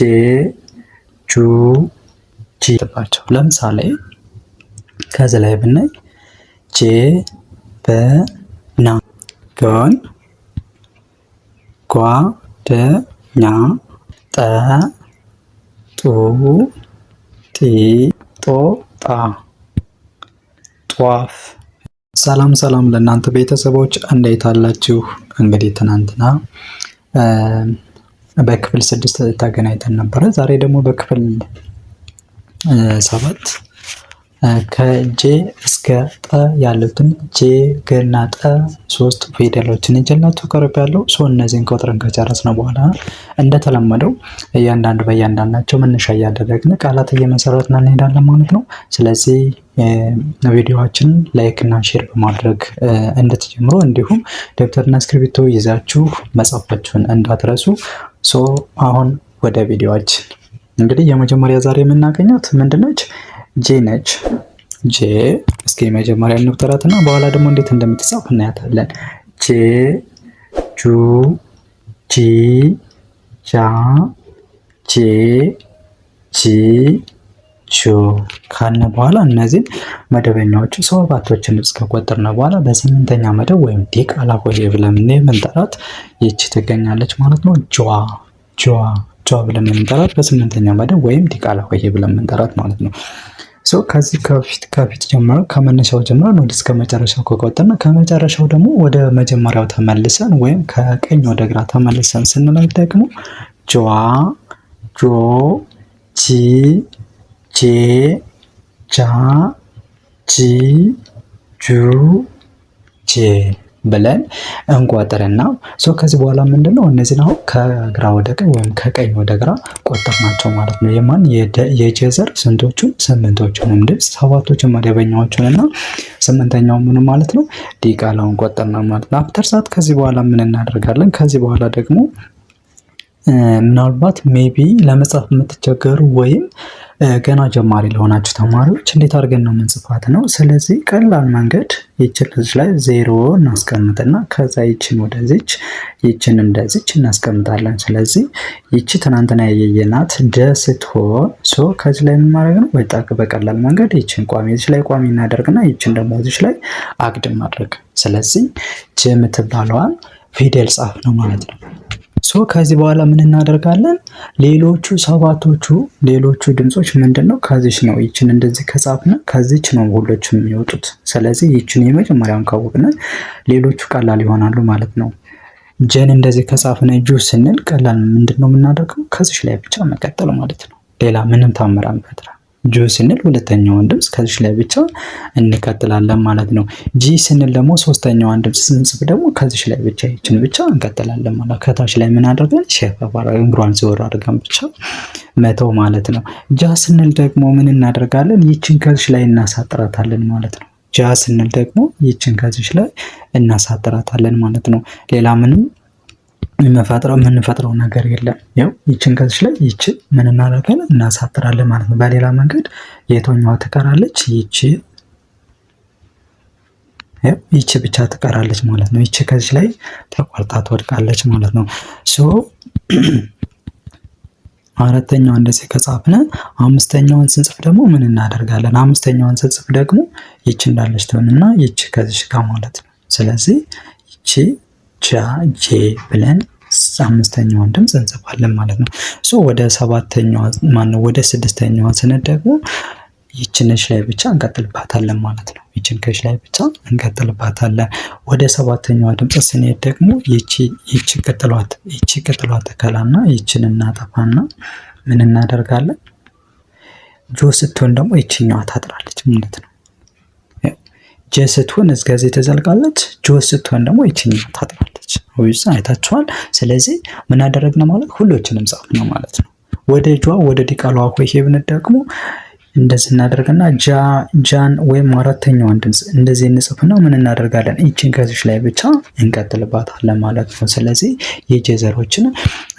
ጄ ጁ ባቸው ለምሳሌ ከዚህ ላይ ብናይ ጄ በና ጎን ጓደኛ ጠ ጡ ጢ ጦ ጣ ጧፍ። ሰላም ሰላም ለእናንተ ቤተሰቦች እንዴት አላችሁ? እንግዲህ ትናንትና በክፍል ስድስት ተገናኝተን ነበረ። ዛሬ ደግሞ በክፍል ሰባት ከጄ እስከ ጠ ያሉትን ጄ ገና ጠ ሶስት ፊደሎችን ቀርብ ያለው ሶ እነዚህን ቆጥረን ነው በኋላ እንደተለመደው እያንዳንዱ በእያንዳንዳቸው መነሻ እያደረግን ቃላት እየመሰረትን እንሄዳለን ማለት ነው። ስለዚህ ቪዲዮዎችን ላይክ እና ሼር በማድረግ እንድትጀምሩ እንዲሁም ደብተርና እስክሪብቶ ይዛችሁ መጻፋችሁን እንዳትረሱ ሶ አሁን ወደ ቪዲዮችን እንግዲህ የመጀመሪያ ዛሬ የምናገኛት ምንድነች? ጄ ነች። ጄ እስኪ የመጀመሪያ እንቁጠራት እና በኋላ ደግሞ እንዴት እንደምትጻፍ እናያታለን። ጄ ጁ ጂ ጃ ጄ ጂ ቹ ካልን በኋላ እነዚህ መደበኛዎቹ ሰባቶችን ድምፅ ከቆጠርን በኋላ በስምንተኛ መደብ ወይም ዲቃላ ሆሄ ብለን የምንጠራት ይቺ ትገኛለች ማለት ነው። ጇ ጇ ጇ ብለን የምንጠራት በስምንተኛ መደብ ወይም ዲቃላ ሆሄ ብለን የምንጠራት ማለት ነው። ከዚህ ከፊት ከፊት ጀምረ ከመነሻው ጀምረን ወደ እስከ መጨረሻው ከቆጠርን ከመጨረሻው ደግሞ ወደ መጀመሪያው ተመልሰን ወይም ከቀኝ ወደ ግራ ተመልሰን ስንላይ ደግሞ ጇ ጆ ጂ ጄ ጃ ጂ ጁ ጄ ብለን እንቆጥርና ሰው ከዚህ በኋላ ምንድነው እነዚህን አሁን ከግራ ወደ ቀኝ ወይም ከቀኝ ወደ ግራ ቆጠርናቸው ማለት ነው። የማን የጀዘር ስንቶቹን ስምንቶቹንም ድምፅ ሰባቶችን መደበኛዎቹን ስምንተኛው ምን ማለት ነው ዲቃላውን ቆጠርና ማለት ነው። አፍተር ሰዓት ከዚህ በኋላ ምን እናደርጋለን? ከዚህ በኋላ ደግሞ ምናልባት ሜቢ ለመጻፍ የምትቸገሩ ወይም ገና ጀማሪ ለሆናችሁ ተማሪዎች እንዴት አድርገን ነው የምንጽፋት ነው። ስለዚህ ቀላል መንገድ ይችን እዚህ ላይ ዜሮ እናስቀምጥና ከዛ ይችን ወደዚች ይችን እንደዚች እናስቀምጣለን። ስለዚህ ይቺ ትናንትና ያየየናት ደ ስትሆን ሶ ከዚህ ላይ የምናደርግ ነው በጣም በቀላል መንገድ ይችን ቋሚ እዚች ላይ ቋሚ እናደርግና ይችን ደግሞ እዚች ላይ አግድም ማድረግ። ስለዚህ ጅ የምትባለዋን ፊደል ጻፍ ነው ማለት ነው። ሶ ከዚህ በኋላ ምን እናደርጋለን? ሌሎቹ ሰባቶቹ ሌሎቹ ድምፆች ምንድን ነው? ከዚች ነው ይችን እንደዚህ ከጻፍነ ከዚች ነው ሁሎችም የሚወጡት። ስለዚህ ይችን የመጀመሪያውን ካወቅነ ሌሎቹ ቀላል ይሆናሉ ማለት ነው። ጀን እንደዚህ ከጻፍነ ጁ ስንል ቀላል ምንድን ነው የምናደርገው? ከዚች ላይ ብቻ መቀጠል ማለት ነው። ሌላ ምንም ታምር አንፈጥረም። ጆ ስንል ሁለተኛዋን ድምፅ ከዚች ላይ ብቻ እንቀጥላለን ማለት ነው። ጂ ስንል ደግሞ ሶስተኛዋን ድምፅ ስንጽፍ ደግሞ ከዚች ላይ ብቻ ይችን ብቻ እንቀጥላለን ማለት ነው። ከታች ላይ ምን አድርገን ሸፋፋራ እግሯን አድርገን ብቻ መተው ማለት ነው። ጃ ስንል ደግሞ ምን እናደርጋለን? ይችን ከዚች ላይ እናሳጥራታለን ማለት ነው። ጃ ስንል ደግሞ ይችን ከዚች ላይ እናሳጥራታለን ማለት ነው። ሌላ ምንም የምንፈጥረው የምንፈጥረው ነገር የለም። ያው ይችን ከዚች ላይ ይች ምን እናደርጋለን? እናሳጥራለን ማለት ነው። በሌላ መንገድ የትኛዋ ትቀራለች? ይች ይች ብቻ ትቀራለች ማለት ነው። ይች ከዚች ላይ ተቆርጣ ትወድቃለች ማለት ነው። ሶ አራተኛው እንደዚህ ከጻፍነ አምስተኛውን ስንጽፍ ደግሞ ምን እናደርጋለን? አምስተኛውን ስንጽፍ ደግሞ ይቺ እንዳለች ትሆንና ይቺ ከዚች ጋር ማለት ነው። ስለዚህ ይቺ ጃ ጄ ብለን አምስተኛዋን ድምፅ እንጽፋለን ማለት ነው። ሶ ወደ ሰባተኛዋ ማነው ወደ ስድስተኛዋ ስንሄድ ደግሞ ይችን ሽ ላይ ብቻ እንቀጥልባታለን ማለት ነው። ይችን ከሽ ላይ ብቻ እንቀጥልባታለን። ወደ ሰባተኛዋ ድምፅ ስንሄድ ደግሞ ይቺ ቅጥሏት ይቺ ቅጥሏ ተከላና ይችን እናጠፋና ምን እናደርጋለን? ጆ ስትሆን ደግሞ ይችኛዋ ታጥራለች ማለት ነው። ጀ ስትሆን እስከዚህ ተዘልቃለች። ጆ ስትሆን ደግሞ ይችኛዋ ታጥራለች። ጻፈች ወይስ አይታችኋል። ስለዚህ ምን አደረግነው ማለት ሁሎችንም ጻፍነው ማለት ነው። ወደ ጇ ወደ ዲቃላዋ ኮሄብነት ደግሞ እንደዚህ እናደርግና ጃ ጃን ወይም አራተኛዋን ድምፅ እንደዚህ እንጽፍና ምን እናደርጋለን? ይችን ከዚች ላይ ብቻ እንቀጥልባታለን ማለት ነው። ስለዚህ የጀዘሮችን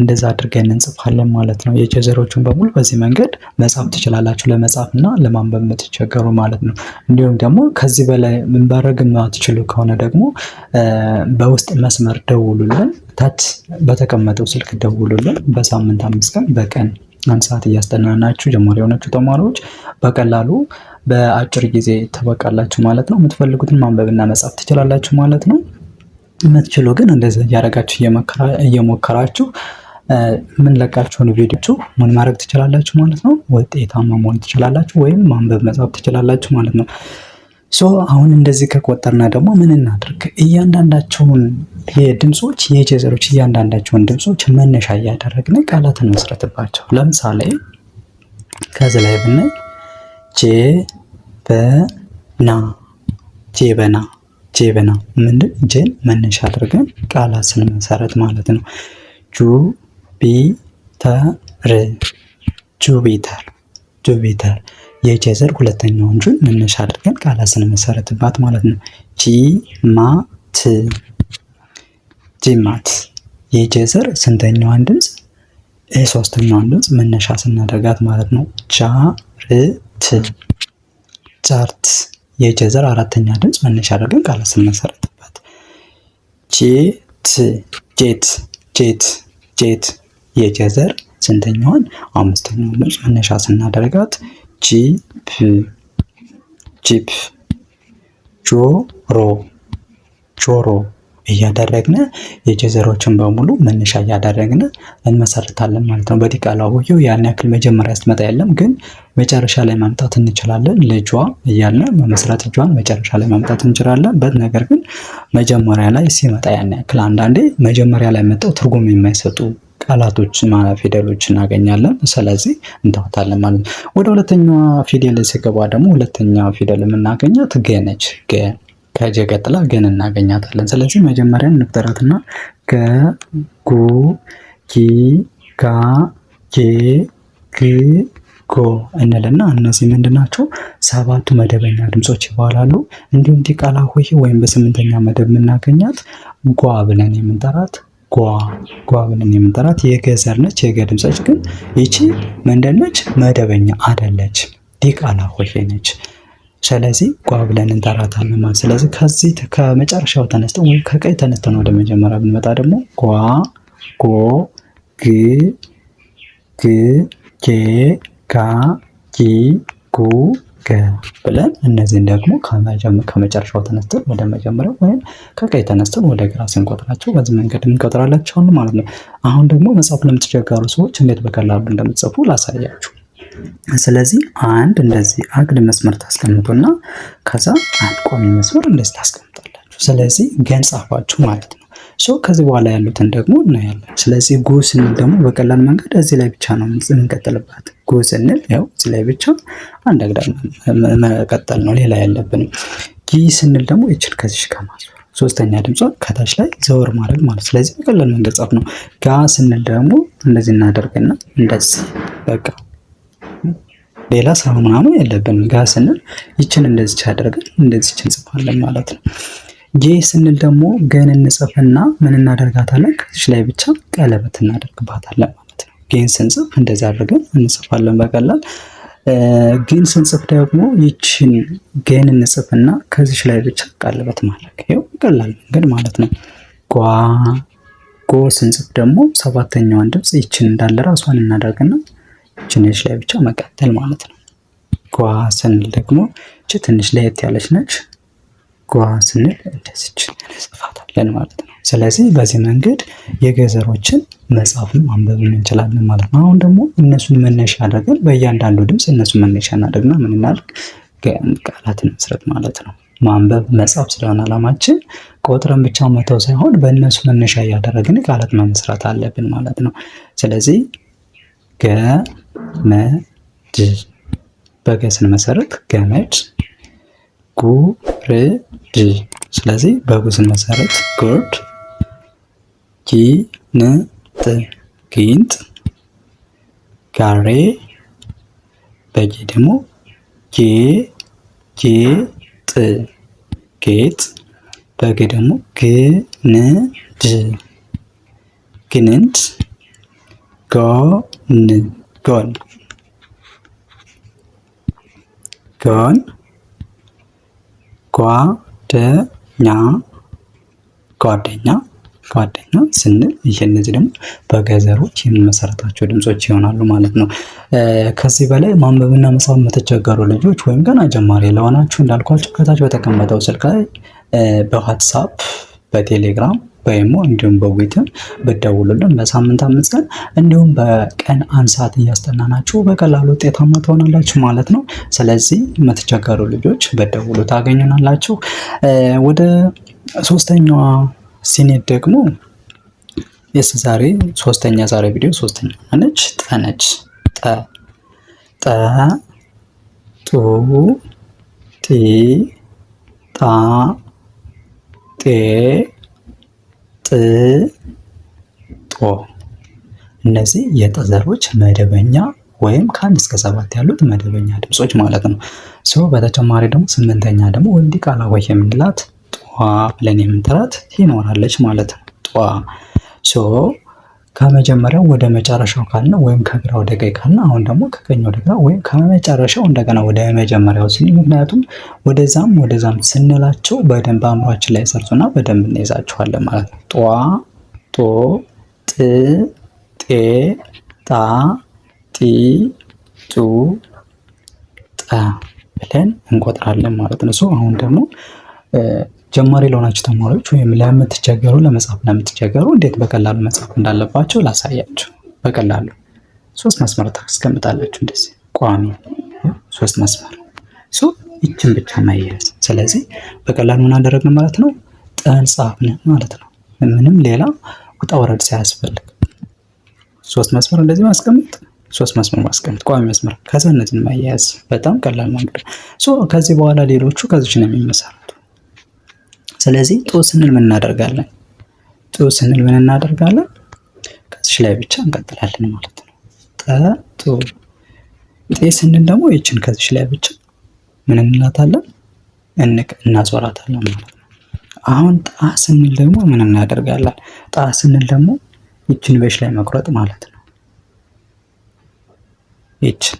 እንደዛ አድርገን እንጽፋለን ማለት ነው። የጀዘሮቹን በሙሉ በዚህ መንገድ መጻፍ ትችላላችሁ፣ ለመጻፍና ለማንበብ የምትቸገሩ ማለት ነው። እንዲሁም ደግሞ ከዚህ በላይ ማድረግ ማትችሉ ከሆነ ደግሞ በውስጥ መስመር ደውሉልን፣ ታች በተቀመጠው ስልክ ደውሉልን። በሳምንት አምስት ቀን በቀን አንድ ሰዓት እያስጠናናችሁ ጀማሪ የሆናችሁ ተማሪዎች በቀላሉ በአጭር ጊዜ ተበቃላችሁ ማለት ነው። የምትፈልጉትን ማንበብና መጻፍ ትችላላችሁ ማለት ነው። የምትችሉ ግን እንደዚህ እያደረጋችሁ እየሞከራችሁ የምንለቃችሁን ቪዲዮቹ ምን ማድረግ ትችላላችሁ ማለት ነው። ውጤታማ መሆን ትችላላችሁ ወይም ማንበብ መጻፍ ትችላላችሁ ማለት ነው። ሶ አሁን እንደዚህ ከቆጠርና ደግሞ ምን እናድርግ? እያንዳንዳቸውን የድምፆች የጀዘሮች እያንዳንዳቸውን ድምፆች መነሻ እያደረግን ቃላት እንመስረትባቸው። ለምሳሌ ከዚህ ላይ ብናይ ጄበና ጄበና ጄበና ምን ጄን መነሻ አድርገን ቃላት ስንመሰረት ማለት ነው። ጁፒተር፣ ጁፒተር፣ ጁቢተር ጁቢተር ጁቢተር የጀዘር ሁለተኛውን ጁን መነሻ አድርገን ቃላት ስንመሰረትባት ማለት ነው። ጂማት ጂማት የጀዘር ስንተኛዋን ድምፅ? ሶስተኛዋን ድምፅ መነሻ ስናደርጋት ማለት ነው። ጃርት ጃርት የኢቴዘር አራተኛ ድምፅ መነሻ አድርገን ቃላት ስንመሰረትባት ጄት ጄት ጄት ጄት የኢቴዘር ስንተኛዋን? አምስተኛዋን ድምፅ መነሻ ስናደርጋት ጂፕ ጂፕ ጆሮ ጆሮ እያደረግን የጀዘሮችን በሙሉ መነሻ እያደረግነ እንመሰርታለን ማለት ነው። በዲቃላ ሆሄው ያን ያክል መጀመሪያ ስትመጣ የለም፣ ግን መጨረሻ ላይ ማምጣት እንችላለን። ልጇ እያልን መመስረት እጇን መጨረሻ ላይ ማምጣት እንችላለን። በት ነገር ግን መጀመሪያ ላይ ሲመጣ ያን ያክል አንዳንዴ መጀመሪያ ላይ መጣው ትርጉም የማይሰጡ ቃላቶችን ፊደሎች እናገኛለን። ስለዚህ እንተውታለን ማለት ነው። ወደ ሁለተኛዋ ፊደል ሲገባ ደግሞ ሁለተኛ ፊደል የምናገኛት ገ ነች። ገ ከጀ ቀጥላ ገን እናገኛታለን። ስለዚህ መጀመሪያ እንቁጠራትና ገ ጉ ጊ ጋ ጌ ግ ጎ እንልና እነዚህ ምንድን ናቸው? ሰባቱ መደበኛ ድምፆች ይባላሉ። እንዲሁም ዲቃላ ሆሄ ወይም በስምንተኛ መደብ የምናገኛት ጓ ብለን የምንጠራት ጓ ጓ ብለን የምንጠራት የገ ዘር ነች። የገ ድምጻች ግን ይቺ ምንድን ነች? መደበኛ አደለች፣ ዲቃላ ሆሄ ነች። ስለዚህ ጓ ብለን እንጠራታለን ማለት። ስለዚህ ከዚህ ከመጨረሻው ተነስተን ወይም ከቀይ ተነስተን ወደ መጀመሪያ ብንመጣ ደግሞ ጓ ጎ ግ ግ ጌ ጋ ጊ ጉ ብለን እነዚህን ደግሞ ከመጨረሻው ተነስተን ወደ መጀመሪያው ወይም ከቀኝ ተነስተን ወደ ግራ ስንቆጥራቸው በዚህ መንገድ እንቆጥራላቸውን ማለት ነው። አሁን ደግሞ መጽሐፍ ለምትቸገሩ ሰዎች እንዴት በቀላሉ እንደምትጽፉ ላሳያችሁ። ስለዚህ አንድ እንደዚህ አግድ መስመር ታስቀምጡና ከዛ አንድ ቋሚ መስመር እንደዚህ ታስቀምጣላችሁ። ስለዚህ ገን ጻፋችሁ ማለት ነው። ከዚህ በኋላ ያሉትን ደግሞ እናያለን። ስለዚህ ጉ ስንል ደግሞ በቀላል መንገድ እዚህ ላይ ብቻ ነው የምንቀጥልባት። ጉ ስንል ያው እዚህ ላይ ብቻ አንድ አግዳሚ መቀጠል ነው፣ ሌላ ያለብንም። ጊ ስንል ደግሞ ይችን ከዚሽ ከማዞር ሶስተኛ ድምጿ ከታች ላይ ዘወር ማድረግ ማለት ስለዚህ በቀላል መንገድ ጻፍ ነው። ጋ ስንል ደግሞ እንደዚህ እናደርግና እንደዚህ በቃ ሌላ ሰው ምናምን የለብንም። ጋ ስንል ይችን እንደዚች አደርገን እንደዚች እንጽፋለን ማለት ነው። ጄ ስንል ደግሞ ገን እንጽፍና ምን እናደርጋታለን? ከዚች ላይ ብቻ ቀለበት እናደርግባታለን ማለት ነው። ጌን ስንጽፍ እንደዚ አድርገን እንጽፋለን በቀላል ግን ስንጽፍ ደግሞ ይችን ገን እንጽፍና ከዚች ላይ ብቻ ቀለበት ማድረግ ይኸው ቀላል መንገድ ማለት ነው። ጓ ጎ ስንጽፍ ደግሞ ሰባተኛዋን ድምፅ ይችን እንዳለ ራሷን እናደርግና ችንች ላይ ብቻ መቀጠል ማለት ነው። ጓ ስንል ደግሞ እች ትንሽ ለየት ያለች ነች። ጓ ስንል እንደዚች እንጽፋታለን ማለት ነው። ስለዚህ በዚህ መንገድ የገዘሮችን መጻፍ ማንበብ እንችላለን ማለት ነው። አሁን ደግሞ እነሱን መነሻ አድርገን በእያንዳንዱ ድምፅ እነሱን መነሻ እናደርግና ምን እናደርግ ቃላትን መስረት ማለት ነው። ማንበብ መጻፍ ስለሆነ አላማችን ቆጥረን ብቻ መተው ሳይሆን በእነሱ መነሻ እያደረግን ቃላት መመስረት አለብን ማለት ነው። ስለዚህ ገመድ በገስን መሰረት ገመድ ጉርድ ስለዚህ በጉዝን መሰረት ጉርድ፣ ጊንጥ፣ ጊንጥ፣ ጋሬ፣ በጌ ደግሞ ጌ፣ ጌጥ፣ ጌጥ፣ በጌ ደግሞ ግንድ፣ ግንንድ፣ ጎን፣ ጎን፣ ጎን ጓደኛ ጓደኛ ጓደኛ ስንል ይህ እነዚህ ደግሞ በገዘሮች የምንመሰረታቸው ድምፆች ይሆናሉ ማለት ነው። ከዚህ በላይ ማንበብና መጻፍ የምትቸገሩ ልጆች ወይም ገና ጀማሪ ለሆናችሁ እንዳልኳቸው ከታች በተቀመጠው ስልክ ላይ በዋትሳፕ በቴሌግራም ወይም እንዲሁም በዊትም ብደውሉልን በሳምንት አምስት ቀን እንዲሁም በቀን አንድ ሰዓት እያስጠናናችሁ በቀላሉ ውጤታማ ትሆናላችሁ ማለት ነው። ስለዚህ የምትቸገሩ ልጆች በደውሉ ታገኙናላችሁ። ወደ ሶስተኛዋ ሲኔት ደግሞ የስ ዛሬ ሶስተኛ ዛሬ ቪዲዮ ሶስተኛ ነች። ጠነች ጠ ጠ ጡ ጢ ጣ ጤ ጥ ጦ እነዚህ የጠ ዘሮች መደበኛ ወይም ከአንድ እስከ ሰባት ያሉት መደበኛ ድምጾች ማለት ነው። ሶ በተጨማሪ ደግሞ ስምንተኛ ደግሞ ወንዲ ቃላ ወይ የምንላት ጧ ብለን የምንጠራት ይኖራለች ማለት ነው። ጧ ከመጀመሪያው ወደ መጨረሻው ካልን ወይም ከግራ ወደ ቀኝ ካልን፣ አሁን ደግሞ ከቀኝ ወደ ግራ ወይም ከመጨረሻው እንደገና ወደ መጀመሪያው ሲል፣ ምክንያቱም ወደዛም ወደዛም ስንላቸው በደንብ አእምሯችን ላይ ሰርጹና በደንብ እንይዛቸዋለን ማለት ነው። ጧ፣ ጦ፣ ጥ፣ ጤ፣ ጣ፣ ጢ፣ ጡ፣ ጠ ብለን እንቆጥራለን ማለት ነው። አሁን ደግሞ ጀማሪ ለሆናችሁ ተማሪዎች ወይም ለምትቸገሩ ለመጻፍ ለምትቸገሩ እንዴት በቀላሉ መጻፍ እንዳለባቸው ላሳያችሁ። በቀላሉ ሶስት መስመር ታስቀምጣላችሁ። እንደዚህ ቋሚ ሶስት መስመር ሶ ይችን ብቻ ማያያዝ። ስለዚህ በቀላሉ ምን አደረግን ማለት ነው? ጠን ጻፍን ማለት ነው። ምንም ሌላ ውጣ ወረድ ሳያስፈልግ ሶስት መስመር እንደዚህ ማስቀምጥ ሶስት መስመር ማስቀምጥ ቋሚ መስመር፣ ከዛ እነዚህን ማያያዝ በጣም ቀላል መንገድ። ከዚህ በኋላ ሌሎቹ ከዚች ነው የሚመሰረ ስለዚህ ጡ ስንል ምን እናደርጋለን? ጡ ስንል ምን እናደርጋለን? ከዚህ ላይ ብቻ እንቀጥላለን ማለት ነው። ጠጡ ጤ ስንል ደግሞ ይችን ከዚህ ላይ ብቻ ምን እንላታለን? እንቅ እናዞራታለን ማለት ነው። አሁን ጣ ስንል ደግሞ ምን እናደርጋለን? ጣ ስንል ደግሞ ይችን በሽ ላይ መቁረጥ ማለት ነው። ይችን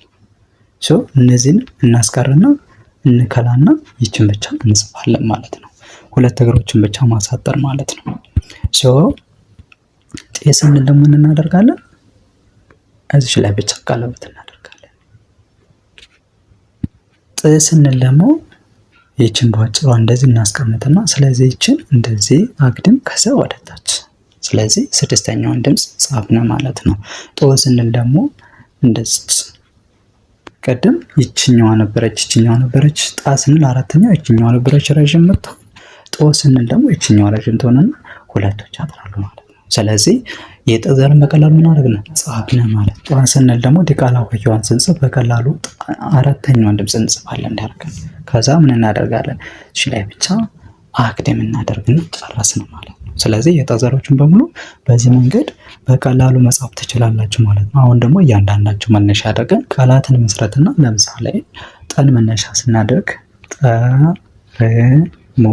እነዚህን እናስቀርና እንከላና ይችን ብቻ እንጽፋለን ማለት ነው። ሁለት እግሮችን ብቻ ማሳጠር ማለት ነው። ሶ ጤ ስንል ደግሞ ምን እናደርጋለን? እዚች ላይ ብቻ ቀለበት እናደርጋለን። ጥ ስንል ደግሞ ይችን በአጭሯ እንደዚህ እናስቀምጥና ስለዚህ ይችን እንደዚህ አግድም ወደ ታች ስለዚህ ስድስተኛውን ድምፅ ጻፍነ ማለት ነው። ጦ ስንል ደግሞ እንደዚህ ቀድም ይችኛዋ ነበረች፣ ይችኛዋ ነበረች። ጣ ስንል አራተኛው ይችኛዋ ነበረች ረዥም ጦ ስንል ደግሞ ይችኛዋ ረዥም ትሆነና ሁለቶች ያጥራሉ ማለት ነው። ስለዚህ የጠዘርን በቀላሉ ምን አደረግን ጻፍን ማለት ጧ ስንል ደግሞ ዲቃላ ሆሄዋን ስንጽፍ በቀላሉ አራተኛዋን ድምፅ እንጽፋለን እንዳልከን። ከዛ ምን እናደርጋለን እሺ ላይ ብቻ አግድም እናደርግና ጨረስን ማለት ነው። ስለዚህ የጠዘሮችን በሙሉ በዚህ መንገድ በቀላሉ መጻፍ ትችላላችሁ ማለት ነው። አሁን ደግሞ እያንዳንዳቸው መነሻ ያደርገን ቃላትን መስረትና ለምሳሌ ጠን መነሻ ስናደርግ ጠ ሙ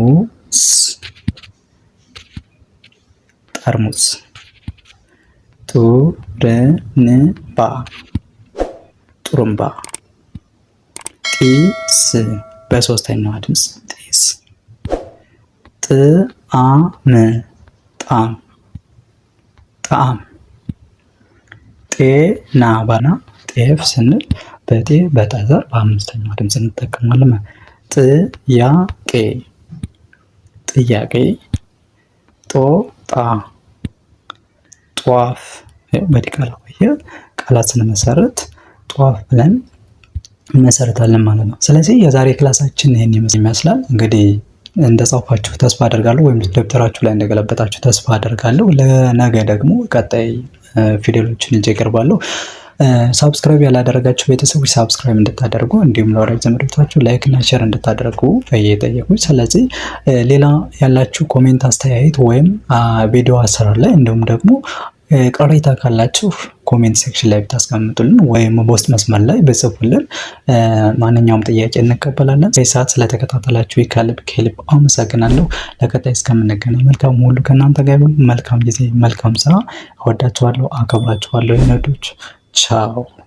ጠርሙስ ጡርንባ ጡሩምባ ጢስ በሶስተኛዋ ድምፅ ጢስ ጥአም ጣም ጣም ጤና ባና ጤፍ ስንል በጤ በጠዘር በአምስተኛዋ ድምፅ እንጠቀማለን። ጥያቄ ጥያቄ ጦጣ ጧፍ በዲቃላ ሆሄል ቃላት ስንመሰርት ጧፍ ብለን እንመሰርታለን ማለት ነው። ስለዚህ የዛሬ ክላሳችን ይህን ይመስላል። እንግዲህ እንደጻፋችሁ ተስፋ አደርጋለሁ፣ ወይም ደብተራችሁ ላይ እንደገለበጣችሁ ተስፋ አደርጋለሁ። ለነገ ደግሞ ቀጣይ ፊደሎችን ይዤ እቀርባለሁ። ሳብስክራይብ ያላደረጋችሁ ቤተሰቦች ሳብስክራይብ እንድታደርጉ እንዲሁም ለወዳጅ ዘመዶቻችሁ ላይክ እና ሼር እንድታደርጉ እየጠየቁ ስለዚህ ሌላ ያላችሁ ኮሜንት፣ አስተያየት ወይም ቪዲዮ አሰራር ላይ እንዲሁም ደግሞ ቅሬታ ካላችሁ ኮሜንት ሴክሽን ላይ ብታስቀምጡልን ወይም በውስጥ መስመር ላይ ብጽፉልን ማንኛውም ጥያቄ እንቀበላለን። በዚህ ሰዓት ስለተከታተላችሁ ከልብ ከልብ አመሰግናለሁ። ለቀጣይ እስከምንገናኝ መልካም ሁሉ ከእናንተ ጋር ይሁን። መልካም ጊዜ፣ መልካም ስራ። እወዳችኋለሁ፣ አከብራችኋለሁ ይነዶች 吵。